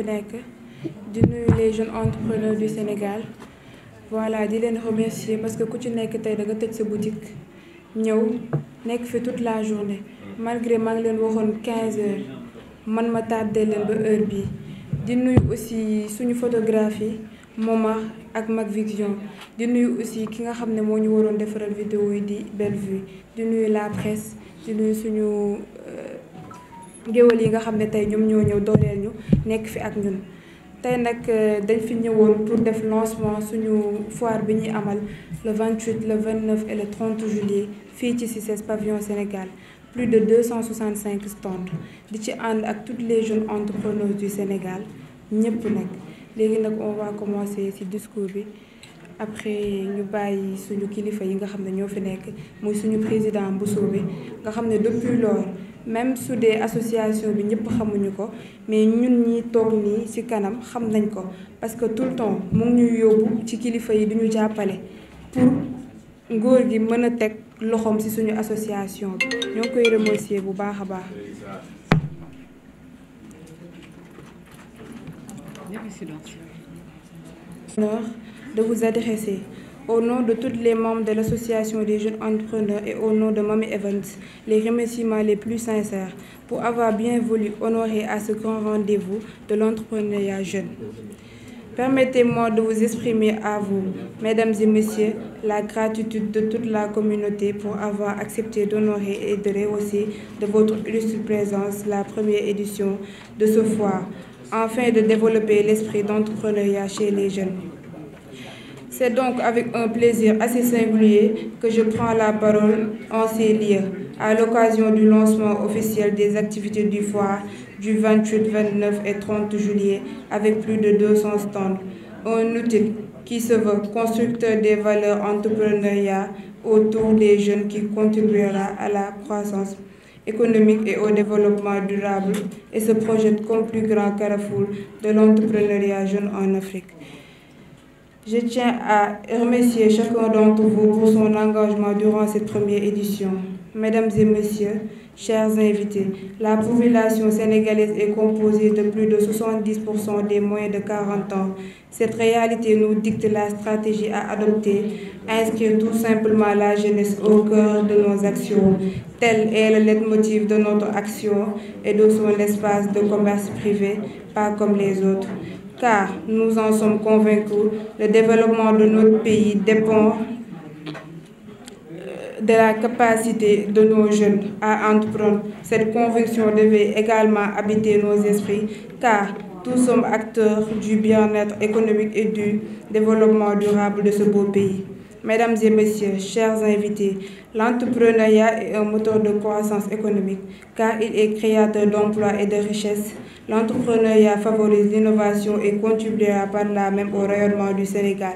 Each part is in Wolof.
fi nekk di nuyu les jeunes entrepreneurs du Sénégal voilà di leen remercier parce que ku ci nekk tey da nga tëj sa boutique ñëw nekk fi tout la journée malgré man leen waxoon quinze heures man ma tardé leen ba heure bii di nuyu aussi suñu photographie Moma ak Mag Vision di nuyu aussi ki nga xam ne moo ñu waroon defaral vidéo yi di Belle Vue di nuyu la presse di nuyu suñu. Euh, géwél yi nga xam ne tey ñoom ñoo ñëw dooleel ñu nekk fi ak ñun tey nag euh, dañ fi ñëwoon pour def lancement suñu foire bi ñuy amal le 28 le 29 et le 30 juillet fii ci si CICES pavillon Sénégal plus de cent 265 stands di ci ànd ak toutes les jeunes entrepreneurs du Sénégal ñëpp nag léegi nag on waa commencer ci discours bi après ñu bàyyi suñu kilifa yi nga xam ne ñoo fi nekk muy suñu président Bousso bi nga xam ne depuis même sudee association bi ñëpp xamuñu ko mais ñun ñi toog nii ci kanam xam nañ ko parce que tout le temps mu ngi ñuy yóbbu ci kilifa yi du ñu jàppale pour ngóor gi mën a teg loxoom ci suñu association bi ñoo ngi koy remercier bu baax a baax. L'honneur de vous Au nom de tous les membres de l'Association des jeunes entrepreneurs et au nom de Mami Evans, les remerciements les plus sincères pour avoir bien voulu honorer à ce grand rendez-vous de l'entrepreneuriat jeune. Permettez-moi de vous exprimer à vous, mesdames et messieurs, la gratitude de toute la communauté pour avoir accepté d'honorer et de rehausser de votre illustre la première édition de ce foire, afin de développer l'esprit d'entrepreneuriat chez les jeunes. C'est donc avec un plaisir assez singulier que je prends la parole en ces lieux, à l'occasion du lancement officiel des activités du foire du 28, 29 et 30 juillet, avec plus de 200 stands. Un outil qui se veut constructeur des valeurs entrepreneuriales autour des jeunes qui contribuera à la croissance économique et au développement durable et se projette comme plus grand carrefour de l'entrepreneuriat jeune en Afrique. Je tiens à remercier chacun d'entre vous pour son engagement durant cette première édition. Mesdames et messieurs, chers invités, la population sénégalaise est composée de plus de 70% des moins de 40 ans. Cette réalité nous dicte la stratégie à adopter, inscrire tout simplement la jeunesse au cœur de nos actions. Tel est le leitmotiv de notre action et de son espace de commerce privé, pas comme les autres. car nous en sommes convaincus, le développement de notre pays dépend euh, de la capacité de nos jeunes à entreprendre. Cette conviction devait également habiter nos esprits, car tous sommes acteurs du bien-être économique et du développement durable de ce beau pays. Mesdames et messieurs, chers invités, l'entrepreneuriat est un moteur de croissance économique car il est créateur d'emplois et de richesses. L'entrepreneuriat favorise l'innovation et contribuera par là même au rayonnement du Sénégal.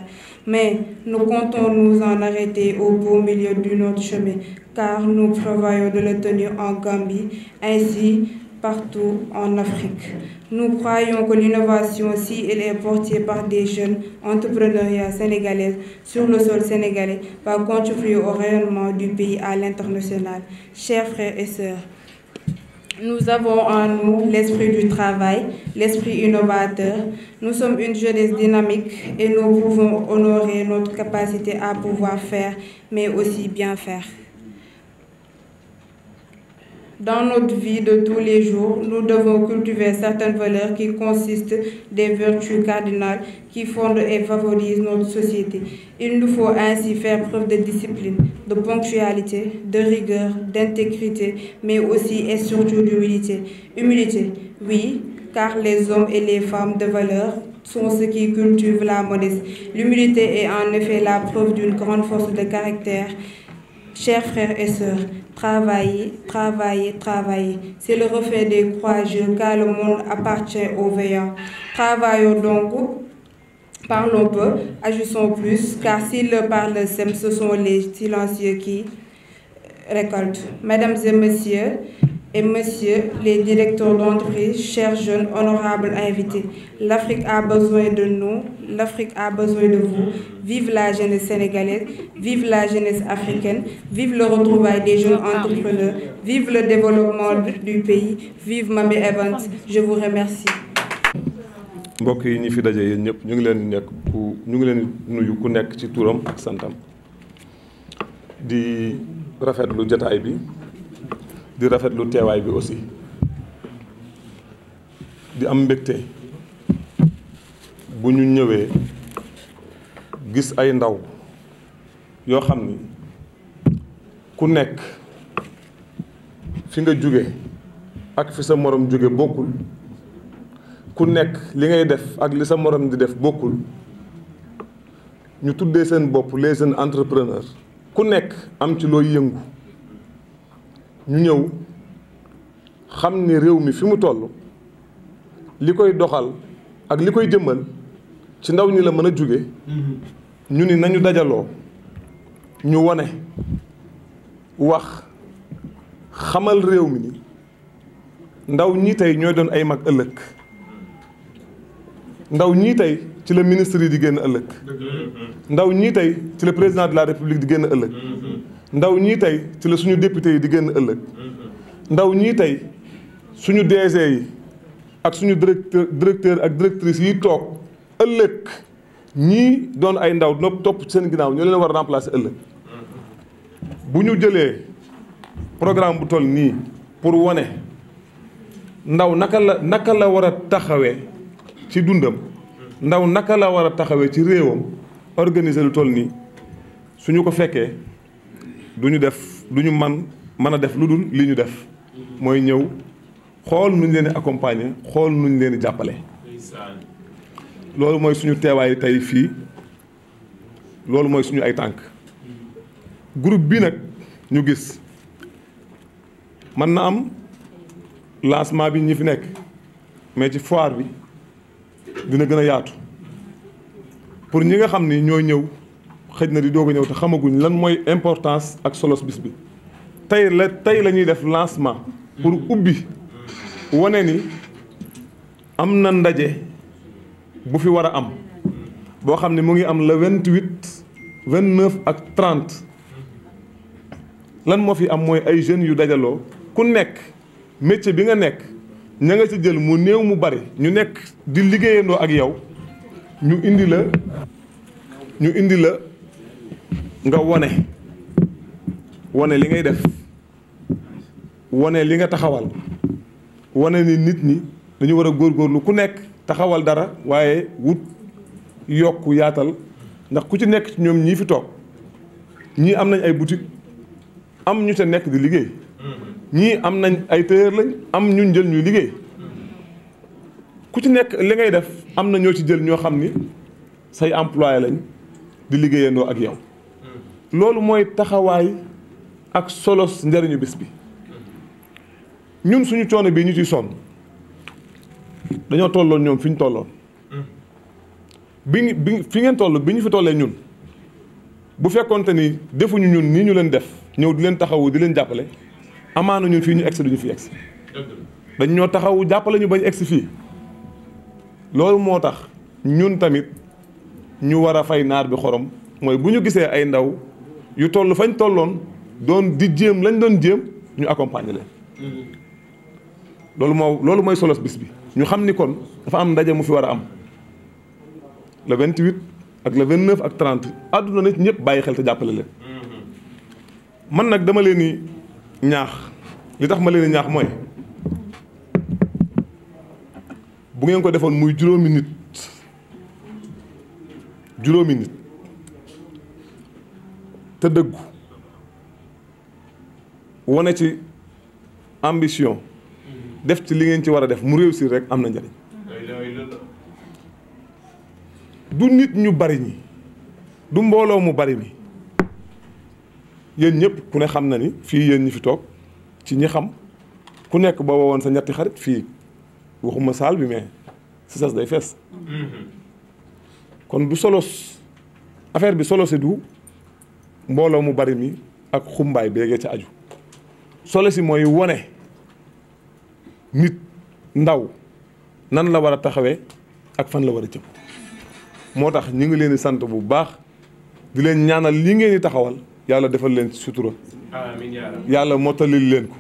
Mais nous comptons nous en arrêter au beau milieu de notre chemin car nous prévoyons de le tenir en Gambie. Ainsi, partout en Afrique. Nous croyons que l'innovation, si elle est portée par des jeunes entrepreneurs sénégalais sur le sol sénégalais, va contribuer au rayonnement du pays à l'international. Chers frères et sœurs, nous avons en nous l'esprit du travail, l'esprit innovateur. Nous sommes une jeunesse dynamique et nous pouvons honorer notre capacité à pouvoir faire, mais aussi bien faire. Dans notre vie de tous les jours, nous devons cultiver certaines valeurs qui consistent des vertus cardinales qui fondent et favorisent notre société. Il nous faut ainsi faire preuve de discipline, de ponctualité, de rigueur, d'intégrité, mais aussi et surtout d'humilité. Humilité, oui, car les hommes et les femmes de valeurs sont ceux qui cultivent la modestie. L'humilité est en effet la preuve d'une grande force de caractère. Chers frères et sœurs, travaillez, travaillez, travaillez. C'est le reflet des courageux car le monde appartient aux veillants. Travaillons donc, parlons peu, agissons plus car s'ils le parlent sème, ce sont les silencieux qui récoltent. Mesdames et messieurs, et messieurs les directeurs d'entreprise, chers jeunes honorables invités, l'Afrique a besoin de nous, l'Afrique à besoin de vous. Vive la jeunesse sénégalaise, vive la jeunesse africaine, vive le retrouvail des jeunes entrepreneurs, vive le développement du pays, vive Mami Evans. Je vous remercie. mbokk yi ñi fi daje yéen ñëpp ñu ngi leen nekk ku ñu ngi leen nuyu ku nekk ci turam ak santam di rafetlu jataay bi. di rafetlu teewaay bi aussi di am mbégte bu ñu ñëwee gis ay ndaw yoo xam ni ku nekk fi nga jóge ak fi sa moroom jóge bokkul ku nekk li ngay def ak li sa moroom di def bokkul ñu tuddee seen bopp les seen entrepreneurs ku nekk am ci looy yëngu ñu ñëw xam ni réew mi fi mu toll li koy doxal ak li koy jëmmal ci ndaw ñi la mën a jóge mm-hmm. ñu ni nañu dajaloo ñu wone wax xamal réew mi ni ndaw ñii tey ñooy doon ay mag ëllëg ndaw ñii tey ci la ministre yi di génn ëllëg ndaw ñii tey ci la président de la république di génn ëllëg mm-hmm. ndaw ñii tey ci la suñu député yi di génn ëllëg ndaw ñii tey suñu DG yi ak suñu directeur directeur ak directrice yi toog ëllëg ñii doon ay ndaw nopp topp seen ginnaaw ñoo leen war a remplacer ëllëg bu ñu jëlee programme bu toll nii pour wane ndaw naka la naka la war a taxawee ci dundam ndaw naka la war a taxawee ci réewam organiser lu toll nii suñu ko fekkee du ñu def du ñu man mën a def lu dul li ñu def mooy ñëw xool nu ñu leen di accompagner xool nu ñu leen di jàppale loolu mooy suñu teewaayu tey fii loolu mooy suñu ay tànk groupe bi nag ñu gis mën na am lancement bi ñi fi nekk mais ci foire bi dina gën a yaatu pour ñi nga xam ni ñooy ñëw xëj na di doog a ñëw te xamaguñ lan mooy importance ak solos bis bi tey la tey la ñuy def lancement pour ubbi wane ni am na ndaje bu fi war a am boo xam ne mu ngi am la vingt huit vingt neuf ak trent lan moo fi am mooy ay jeunes yu dajaloo ku nekk métier bi nga nekk ña nga ci jël mu néew mu bari ñu nekk di liggéeyandoo ak yow ñu indi la ñu indi la nga wone wone li ngay def wone li nga taxawal wone ni nit ñi dañu war a góorgóorlu ku nekk taxawal dara waaye wut yokk yaatal ndax ku ci nekk ci ñoom ñii fi toog ñii am nañ ay boutique am ñu ca nekk di liggéey ñii am nañ ay tailleur lañ am ñu jël ñuy liggéey ku ci nekk li ngay def am na ñoo ci jël ñoo xam ni say employé lañ di liggéeyandoo ak yow loolu mooy taxawaay ak solos njariñu bis bi ñun suñu coono bii ñu ciy sonn dañoo tolloon ñoom fi ñu tolloon bi bi fi ngeen toll bi ñu fi tollee ñun bu fekkonte ni defuñu ñun nii ñu leen def ñëw di leen taxawu di leen jàppale amaana ñun fii ñu egsi duñu fi egsi dañ taxawu jàppale ñu bañ egsi fii loolu moo tax ñun tamit ñu war a fay naar bi xorom mooy bu ñu gisee ay ndaw yu toll fañ tolloon doon di jéem lañ doon jéem ñu accompagne leen. loolu moo loolu mooy solos bis bi ñu xam ni kon dafa am ndaje mu fi war a am le 28 ak vingt 29 ak 30 àdduna nit ñëpp bàyyi xel te jàppale leen. man nag dama leen ñaax li tax ma leen ñaax mooy bu ngeen ko defoon muy juróomi nit juróomi nit. te dëggu wane ci ambition def ci li ngeen ci war a def mu réussir rek am na njëriñ du nit ñu bari ñi du mbooloo mu bari mi yéen ñëpp ku ne xam na ni fii yéen ñi fi toog ci ñi xam ku nekk boo wowoon sa ñetti xarit fii waxuma saal bi mais si sas day fees mm-hmm. kon du solos affaire bi solose du mbooloo mu bari mi ak xumbaay beegee ca aju solo si mooy wone nit ndaw nan la war a taxawee ak fan la war a jëm moo tax ñu ngi leen di sant bu baax di leen ñaanal li ngeen taxawal yàlla defal leen sutura yàlla mottalil leen ko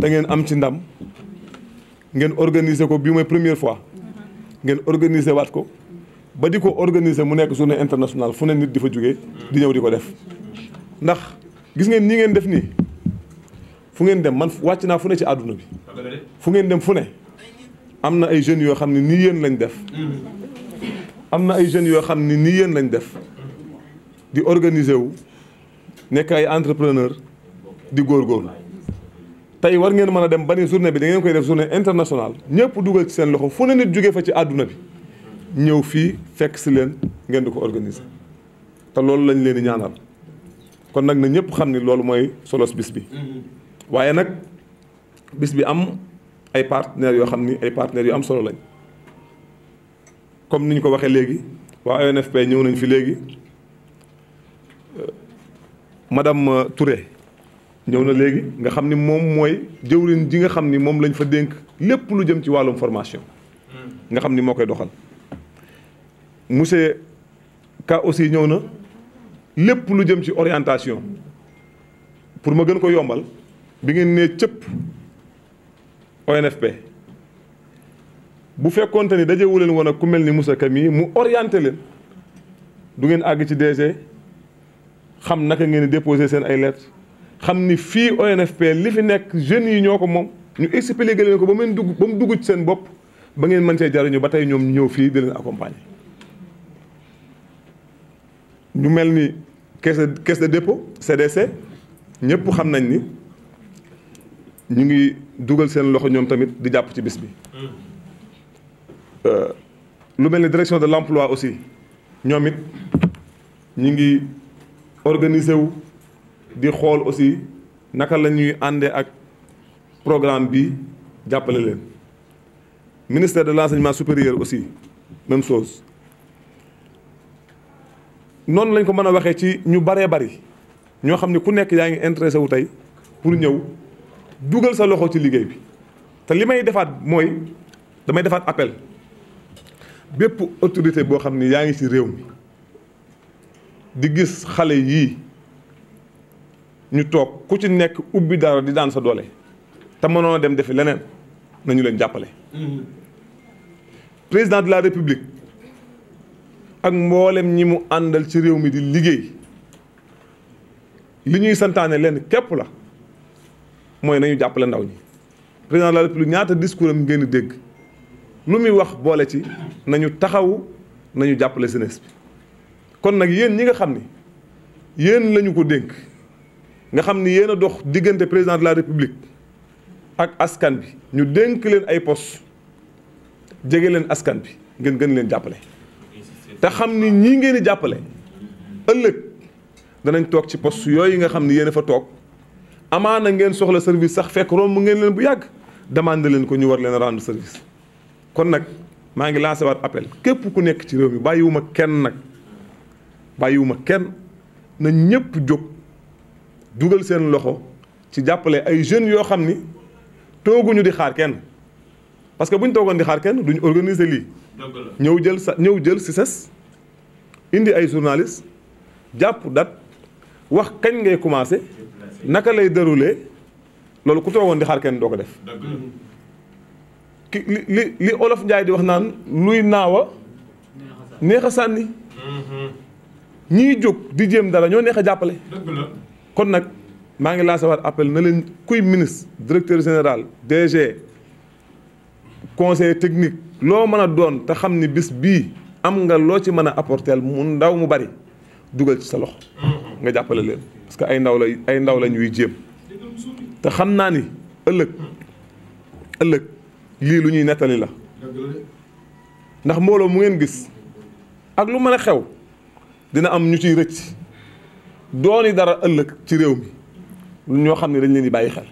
te ngeen am ci ndam ngeen organiser ko bi mooy première fois ngeen organiser waat ko ba di ko organiser mu nekk journée internationale fu ne nit di fa jógee di ñëw di ko def ndax gis ngeen ñi ngeen def nii fu ngeen dem man wàcc naa fu ne ci àdduna bi fu ngeen dem fu ne am na ay jeunes yoo xam ne nii yéen lañ def am na ay jeunes yoo xam ni nii yéen lañ def di organiser wu nekk ay entrepreneur di góorgóorlu tey war ngeen mën a dem ba ni journée bi da ngeen koy def journée internationale ñëpp dugal ci seen loxo fu ne nit jóge fa ci àdduna bi ñëw fii fekk si leen ngeen di ko organise te loolu lañ leen di ñaanal kon nag na ñëpp xam ni loolu mooy solo bis bi. waaye nag bis bi am ay partenaires yoo xam ni ay partenaires yu am solo lañ comme ni ñu ko waxee léegi waa ONFP e ñëw nañ fi léegi madame Touré ñëw na léegi nga xam ni moom mooy jëwriñ ji nga xam ni moom lañ fa dénk lépp lu jëm ci wàllum formation. nga xam ni moo koy doxal. monsieur Ka aussi ñëw na lépp lu jëm ci orientation pour ma gën ko yombal bi ngeen nee cëpp ONFP bu fekkoonte ni dajewuleen leen woon ak ku mel ni Moussa Kami mu orienté leen du ngeen àgg ci DG xam naka ngeen di déposé seen ay lettres xam ni fii ONFP li fi nekk jeunes yi ñoo ko moom ñu expliqué leen ko ba mu dugg ba mu dugg ci seen bopp ba ngeen mën cee jariñu ba tey ñoom ñëw fii di leen accompagner. ñu mel ni caisse de caisse de dépôt CDC ñëpp xam nañ ni ñu ngi dugal seen loxo ñoom tamit di jàpp ci bis bi. Euh, lu mel ni direction de l'emploi aussi ñoom it ñu ngi organiser wu di xool aussi naka la ñuy àndee ak programme bi jàppale leen ministère de l'enseignement supérieur aussi même chose. noonu lañ ko mën a waxee ci ñu baree bari ñoo xam ne ku nekk yaa ngi intéressé wu tey pour ñëw dugal sa loxo ci liggéey bi te li may defaat mooy damay defaat appel bépp autorité boo xam ni yaa ngi ci réew mi di gis xale yii ñu toog ku ci nekk ubbi dara di daan sa doole te mënoon a dem defi leneen nañu leen jàppale mm-hmm. président de la république ak mbooleem ñi mu àndal ci réew mi di liggéey li ñuy santaane leen képp la mooy nañu jàppale ndaw ñi président de la république ñaata discours am ngeen dégg lu muy wax boole ci nañu taxawu nañu jàppale jeunesse bi kon nag yéen ñi nga xam ni yéen lañu ko dénk nga xam ni yéen a dox diggante président de la république ak askan bi ñu dénk leen ay postes jege leen askan bi ngeen gën leen jàppale te xam ni ñii ngeen di jàppale ëllëg danañ toog ci poste yooyu nga xam ni yéen a fa toog amaana ngeen soxla service sax fekk romb ngeen leen bu yàgg demande leen ko ñu war leen rendre service. kon nag maa ngi lancé waat appel képp ku nekk ci réew mi bàyyiwuma kenn nag bàyyiwuma kenn na ñëpp jóg dugal seen loxo ci jàppale ay jeunes yoo xam ni tooguñu di xaar kenn parce que buñ toogoon di xaar kenn duñ organiser lii. ñëw jël sa ñëw jël si ses indi ay journaliste jàpp dat wax kañ ngay commencé naka lay déroulé loolu ku toogoon di xaar kenn doo ko def ki li li olof Njaay di wax naan luy naawa neex a sànni mm-hmm. ñiy jóg di jéem dara ñoo neex a jàppale kon nag maa ngi lancer waat appel na leen kuy ministre directeur général DG conseil technique loo mën a doon te xam ni bis bii am nga loo ci mën a apporter mu ndaw mu bari dugal ci sa loxo nga jàppale leen parce que ay ndaw la ay ndaw la ñuy jéem te xam naa ni ëllëg ëllëg lii lu ñuy nettali la ndax mbooloo mu ngeen gis ak lu mën a xew dina am ñu ciy rëcc dooni dara ëllëg ci réew mi ñoo xam ne dañ leen yi bàyyi xel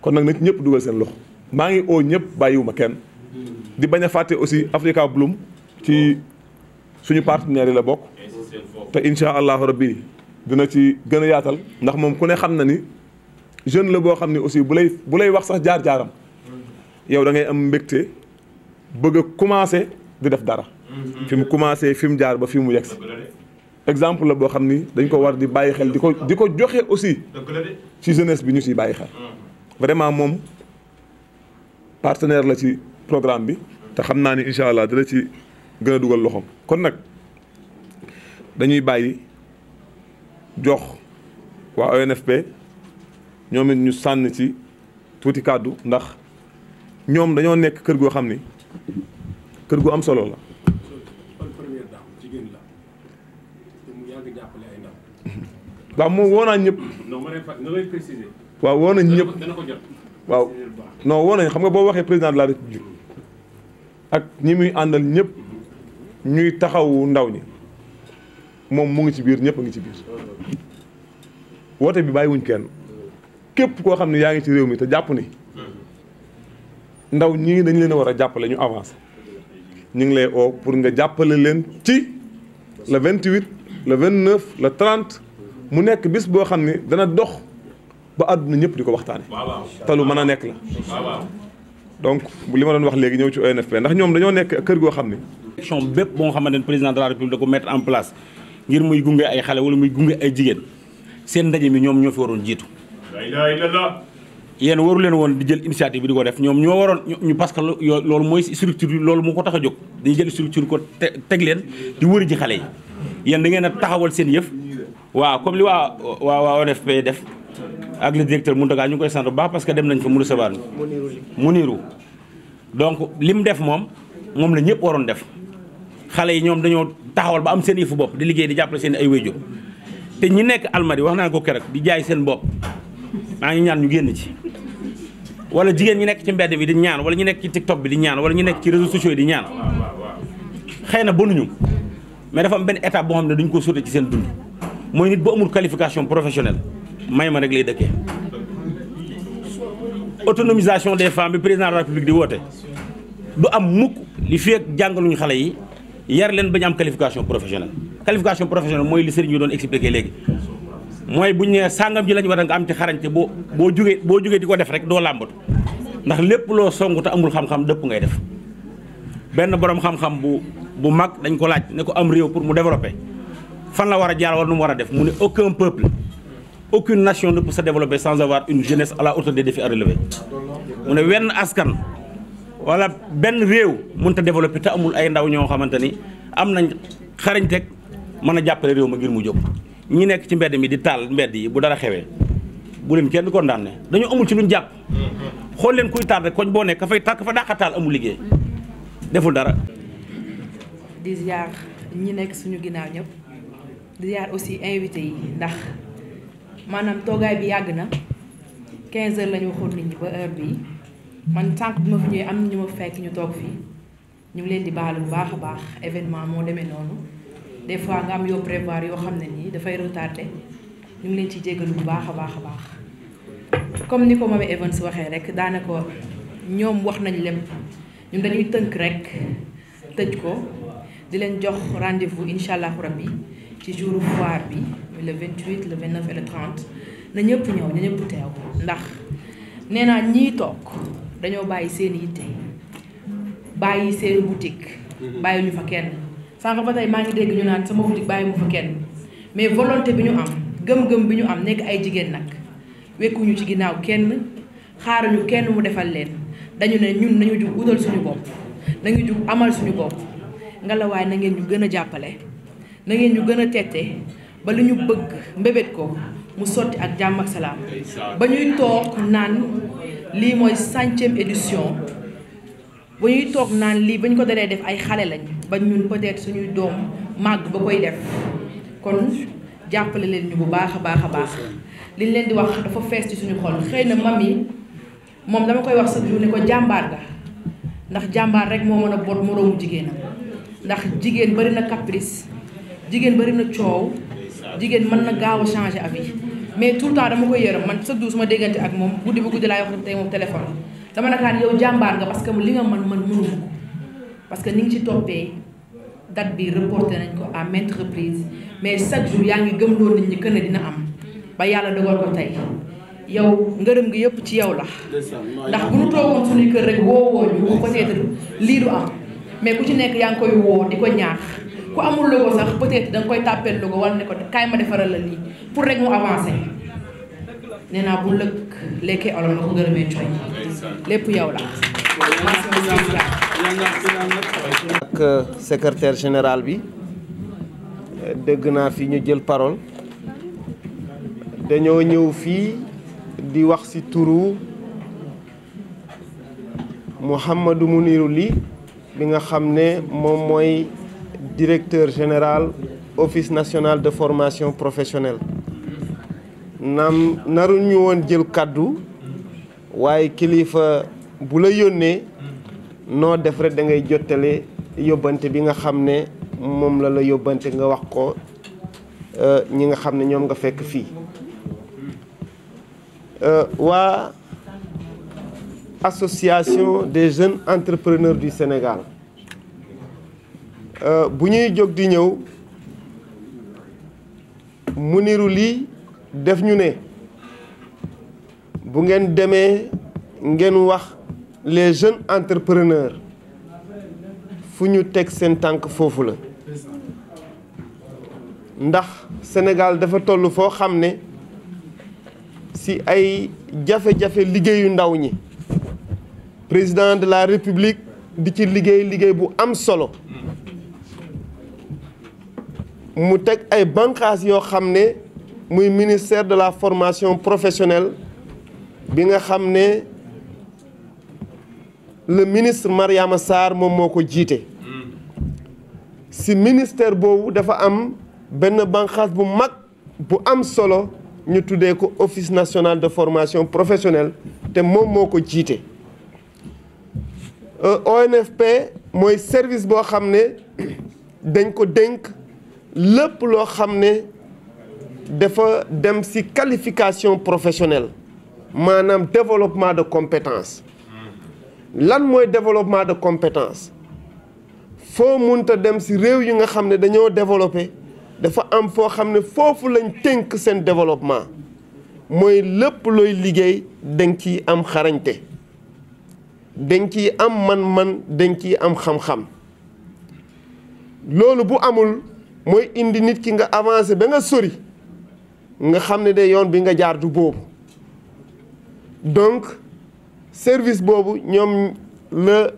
kon nag nit ñëpp dugal seen loxo maa ngi oo ñëpp bàyyiwuma kenn di bañ a fàtte aussi Africa Bloom ci suñu partenaire yi la bokk te insha allahu rabbi dina ci gën a yaatal ndax moom ku ne xam na ni jeune la boo xam ne aussi bu lay bu lay wax sax jaar-jaaram yow da ngay am mbégte bëgg a commencé di def dara fi mu commencé fi mu jaar ba fi mu yegsi exemple la boo xam ni dañ ko war di bàyyi xel di ko di ko joxe aussi ci jeunesse bi ñu siy bàyyi xel vraiment moom partenaire la ci programme bi te xam naa ni incha allah dina ci gën a dugal loxoom kon nag dañuy bàyyi jox waa ONFP ñoom ñu sànn ci tuuti kàddu ndax ñoom dañoo nekk kër goo xam ni kër gu am solo la. waaw moom woo naa ñëpp. waaw woo nañ ñëpp. waaw non woo nañ xam nga boo waxee président de la république. ak ñi muy àndal ñëpp ñuy taxawu ndaw ñi moom mu ngi ci biir ñëpp a ngi ci biir woote bi bàyyiwuñ kenn képp koo xam ne yaa ngi ci réew mi te jàpp ni ndaw ñii dañ leen a war a jàppale ñu avancé ñu ngi lay oo pour nga jàppale leen ci le 28 le 29 le 30 mu nekk bis boo xam ne dana dox ba àdduna ñëpp di ko waxtaane te lu mën a nekk la donc li ma doon wax léegi ñëw ci ONFP ndax ñoom dañoo nekk kër goo xam ni. action bépp boo xamante ne président de la république ngir muy gunge ay xale wala muy gunge ay jigéen seen ndaje mi ñoom ñoo fi waroon jiitu. yéen waru leen woon di jël initiative bi di ko def ñoom ñoo waroon ñu parce que loolu mooy structure yi loolu moo ko tax a jóg dañuy jël structure ko teg leen di wëri ji xale yi yéen da ngeen a taxawal seen yëf waaw comme li waa waa waa ONFP def ak le directeur Mountaga ñu ngi koy sant bu baax parce que dem nañ fa mu recevoir ñu Mounirou donc li mu def moom moom la ñëpp waroon def xale yi ñoom dañoo taxawal ba am seen yëfu bopp di liggéey di jàppale seen ay wéyjo te ñi nekk almari wax naa ko keroog di jaay seen bopp maa ngi ñaan ñu génn ci wala jigéen ñi nekk ci mbedd bi di ñaan wala ñu nekk ci tiktok bi di ñaan wala nekk ci réseaux sociaux yi di ñaan xëy na bonuñu mais dafa am benn étape boo xam ne duñ ko ci seen dund mooy nit bu amul qualification professionnel may ma rek lay dëkkee autonomisation des femmes bi président de la république di woote du am mukk li fi ak jàngaluñu xale yi yar leen ba ñu am qualification professionnelle qualification professionnelle mooy li sëriñ bi doon expliqué léegi mooy bu ñu nee sàngam ji lañu war a nga am ci xarañte boo boo jugee boo jógee di ko def rek doo làmbatu ndax lépp loo songu te amul xam-xam dëpp ngay def benn borom xam-xam bu bu mag dañ ko laaj ne ko am réew pour mu développer fan la war a jaar war mu war a def mu ne aucun peuple aucune nation ne peut se développer sans avoir une jeunesse à la hauteur des défis à relever mu ne wenn askan wala benn réew mënut a développer te amul ay ndaw ñoo xamante ni am nañ xarañteg mën a jàppale réew ma ngir mu jóg ñi nekk ci mbedd mi di taal mbedd yi bu dara xewee bu leen kenn condamné dañoo amul ci luñ jàpp xool leen kuy taal rek koñ boo nekk ka fay tàkk fa dàqa taal amul liggéey deful dara di ziar ñi nekk suñu ginnaaw ñëpp di ziar ndax maanaam toogaay bi yàgg na quinze heures la ñu waxoon nit ñi ba heure bii man sànq bi ma fi ñëwee am na ñu ma fekk ñu toog fii ñu ngi leen di baal bu baax a baax événement moo demee noonu des fois nga am yoo prévoir yoo xam ne nii dafay retardé ñu ngi leen ci jégalu bu baax a baax a baax comme ni ko Mamy Evans waxee rek daanaka ñoom wax nañ lépp ñun dañuy tënk rek tëj ko di leen jox rendez-vous incha allahu rabbi ci jouru foire bi. bi le 28 le 29 et le 30 na ñëpp ñëw na ñëpp teew ndax nee naa ñii toog dañoo bàyyi seen yitte bàyyi seen boutique mhm. bàyyi ñu fa kenn sànq ba tey maa ngi dégg ñu naan sama boutique bàyyi mu fa kenn mais volonté bi ñu am gëm-gëm bi ñu am nekk ay jigéen nag wekkuñu ci ginnaaw kenn xaaruñu kenn mu defal leen dañu ne ñun nañu jug wutal suñu bopp nañu jug amal suñu bopp ngelawaay na ngeen ñu gën a jàppale na ngeen ñu gën a tette ba lu ñu bëgg mbébét ko mu sotti ak jàmm ak salaam ba ñuy toog naan lii mooy cinquième édition ba ñuy toog naan lii ba ñu ko daree def ay xale lañ ba ñun peut-être suñuy doom màgg ba koy def kon jàppale leen ñu bu baax a baax a baax liñ leen di wax dafa fees ci suñu xol xëy na mami moom dama koy wax sa jour ne ko jàmbaar ga ndax jàmbaar rek moo mën a bot moroomu jigéenam ndax jigéen bari na caprice jigéen bari na coow jigéen mën na gaaw a am avis mais tout le temps dama koy yërëm man sa dou suma déggante ak moom guddi ba guddi laa wax tey moom téléphone dama nakaan yow jàmbaar nga parce que li nga mën man mënuma ko parce que ni ngi ci toppee date bi reporté nañ ko à maintes reprises mais chaque jour yaa ngi gëm loolu nit ñi kën dina am ba yàlla dogal ko tey yow ngërëm ngi yëpp ci yow la ndax bu ñu toogoon suñuy kër rek woowoo ñu peut-être lii du am mais ku ci nekk yaa ngi koy woo di ko ñaax ku amul logo sax peut-être da nga koy tàppeel logo wala ne ko kaay ma defaral la lii pour rek mu avancer nee naa bu lëkk lekkee olof la ko gërëmee cooy lépp yow la. ak euh, secrétaire général bi dégg naa fi ñu jël parole dañoo ñëw fii di wax ci turu Mouhamadou Mounirou lii bi nga xam ne moom mooy. directeur général office national de formation professionnelle naam naruñu woon jël kàddu waaye kilifa bu la yónnee noo def rek da ngay jottale yóbbante bi nga xam ne moom la la yóbbante nga wax ko euh, ñi nga xam ne ñoom nga fekk fii euh, waa association des jeunes entrepreneurs du Sénégal Euh, bu ñuy jóg di ñëw mu niru lii def ñu ne bu ngeen demee ngeen wax les jeunes entrepreneurs fu ñu teg seen tànk foofu la ndax Sénégal dafa toll foo xam ne si ay jafe-jafe liggéeyu ndaw ñi président de la République di ci liggéey liggéey bu am solo mu teg ay banqaas yoo xam ne muy ministère de la formation professionnelle bi nga xam ne le ministre Mariama Sarr moom moo ko jiite si ministère boobu dafa am benn bànqaas bu mag bu am solo ñu tuddee ko office nationale de formation professionnelle te moom moo ko jiite euh, ONFP mooy service boo xam ne dañ ko dénk lépp loo xam ne dafa dem ci qualification professionnelle maanaam développement de compétence lan mooy développement de compétence foo munta dem ci réew yi nga xam ne dañoo développé dafa am foo xam ne foofu lañ tënk seen développement mooy lépp looy liggéey dañ ciy am xarañte dañ ciy am man-man dañ ciy am xam-xam loolu bu amul mooy indi nit ki nga avancé ba nga sori nga xam ne de yoon bi nga jaar du boobu donc service boobu ñoom la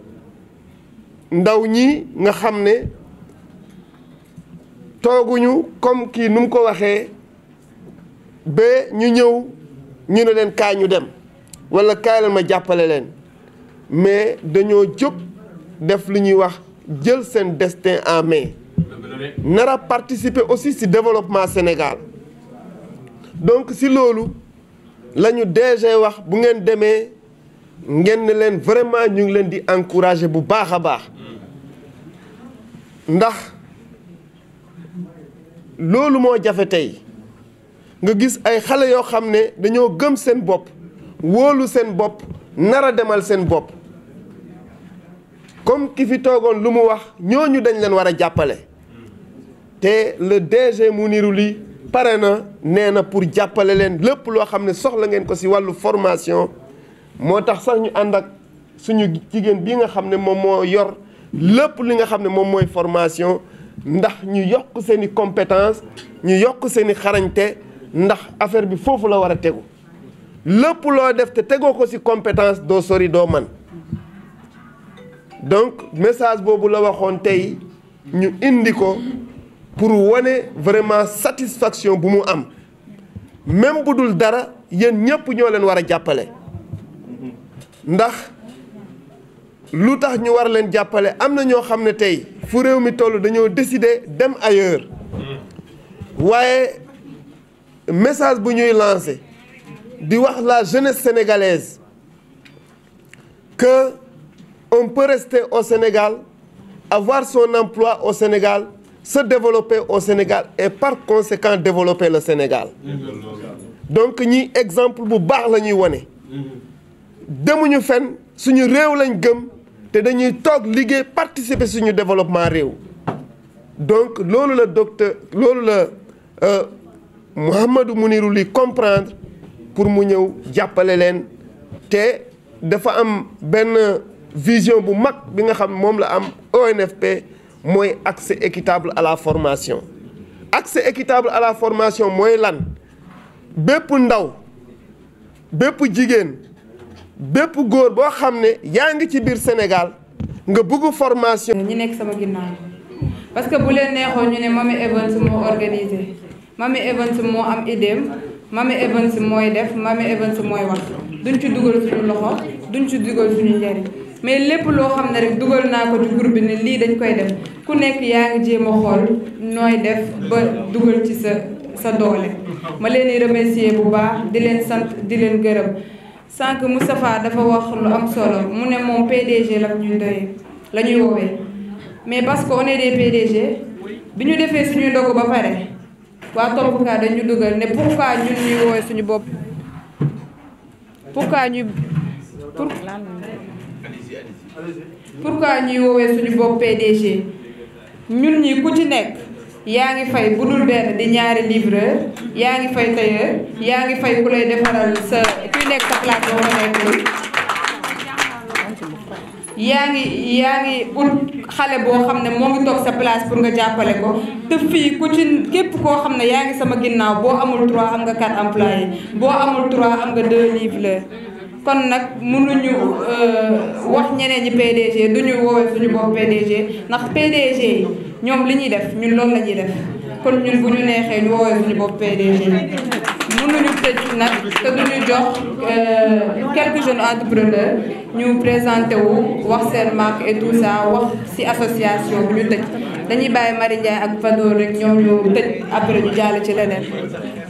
ndaw ñi nga xam ne tooguñu comme kii nu mu ko waxee ba ñu ñëw ñu ne leen kaay ñu dem walla kaay leen ma jàppale leen mais dañoo jóg def li ñuy wax jël seen destin en main. nara a aussi ci développement Sénégal donc ci loolu la ñu DG wax bu ngeen demee ngeen leen vraiment ñu ngi leen di encourager bu baax a baax ndax loolu moo jafe tey nga gis ay xale yoo xam ne dañoo gëm seen bopp wóolu seen bopp nar a demal seen bopp comme ki fi toogoon lu mu wax ñooñu dañ leen war a jàppale te le DG Mounirou Ly pare na nee na pour jàppale leen lépp loo xam ne soxla ngeen ko ci wàllu formation moo tax sax ñu ànd ak suñu jigéen bi nga xam ne moom moo yor lépp li nga xam ne moom mooy formation ndax ñu yokk seeni compétence ñu yokk seeni xarañte ndax affaire bi foofu la war a tegu lépp loo def te tegoo ko ci compétence doo sori doo man donc message boobu la waxoon tey ñu indi ko pour wane vraiment satisfaction bu mu am même bu dul dara yéen ñëpp ñoo leen war a jàppale ndax lu tax ñu war leen jàppale am na ñoo xam ne tey fu réew mi toll dañoo décider dem ailleurs waaye message bu ñuy lancé di wax la jeunesse sénégalaise que on peut rester au Sénégal avoir son emploi au Sénégal se développer au Sénégal et par conséquent développer la Sénégal donc ñi exemple bu baax la ñuy wane demuñu fenn suñu réew lañ gëm te dañuy toog liggéey participer suñu développement réew donc loolu la docteur loolu la euh, Mouhamadou Mounirou li comprendre pour mu ñëw jàppale leen te dafa am benn vision bu mag bi nga xam moom la am ONFP mooy accès équitable à la formation accès équitable à la formation mooy lan bépp ndaw bépp jigéen bépp góor boo xam ne yaa ngi ci biir Sénégal nga bëgg formation. ñi nekk sama ginnaaw parce que bu leen neexoon ñu ne Mamy Evans moo organisé Mamy Evans moo am idéem Mamy Evans mooy def Mamy Evans mooy wax duñ ci dugal suñu loxo duñ ci dugal suñu njëriñ. mais lépp loo xam ne rek dugal naa ko ci groupe bi ne lii dañ koy def ku nekk yaa ngi jéem a xool nooy def ba dugal ci sa sa doole ma leen di bu baax di leen sant di leen gërëm sànq Moustapha dafa wax lu am solo mu ne moom PDG la ñuy la ñuy woowee mais parce que on est des PDG bi ñu defee suñuy ndogu ba pare waa Topouka dañu dugal ne pourquoi ñun ñuy woowee suñu bopp pourquoi ñu pour pourquoi ñuy woowee suñu bopp PDG ñun ñi ku ci nekk yaa ngi fay bu dul benn di ñaari livreur yaa ngi fay tailleur yaa ngi fay ku lay defaral sa kuy nekk sa place ba ngi yaa ngi ut boo xam ne moo ngi toog sa place pour nga jàppale ko te fii ku ci képp koo xam ne yaa ngi sama ginnaaw boo amul trois am nga quatre employés boo amul trois am nga deux livreurs kon nag mënuñu euh, wax ñeneen ñi PDG du ñu woowee suñu bopp PDG ndax PDG ñoom li ñuy def ñun loolu la ñuy def kon ñun bu ñu neexee ñu woowee suñu bopp PDG. mënuñu tëj nag te duñu jox euh, quelques jeunes entrepreneur ñu présenté wu wax seen marque et tout ça wax ci association bi ñu tëj dañuy bàyyi Marie Ndiaye ak Fadoor rek ñoom ñu tëj après ñu jàll ci leneen.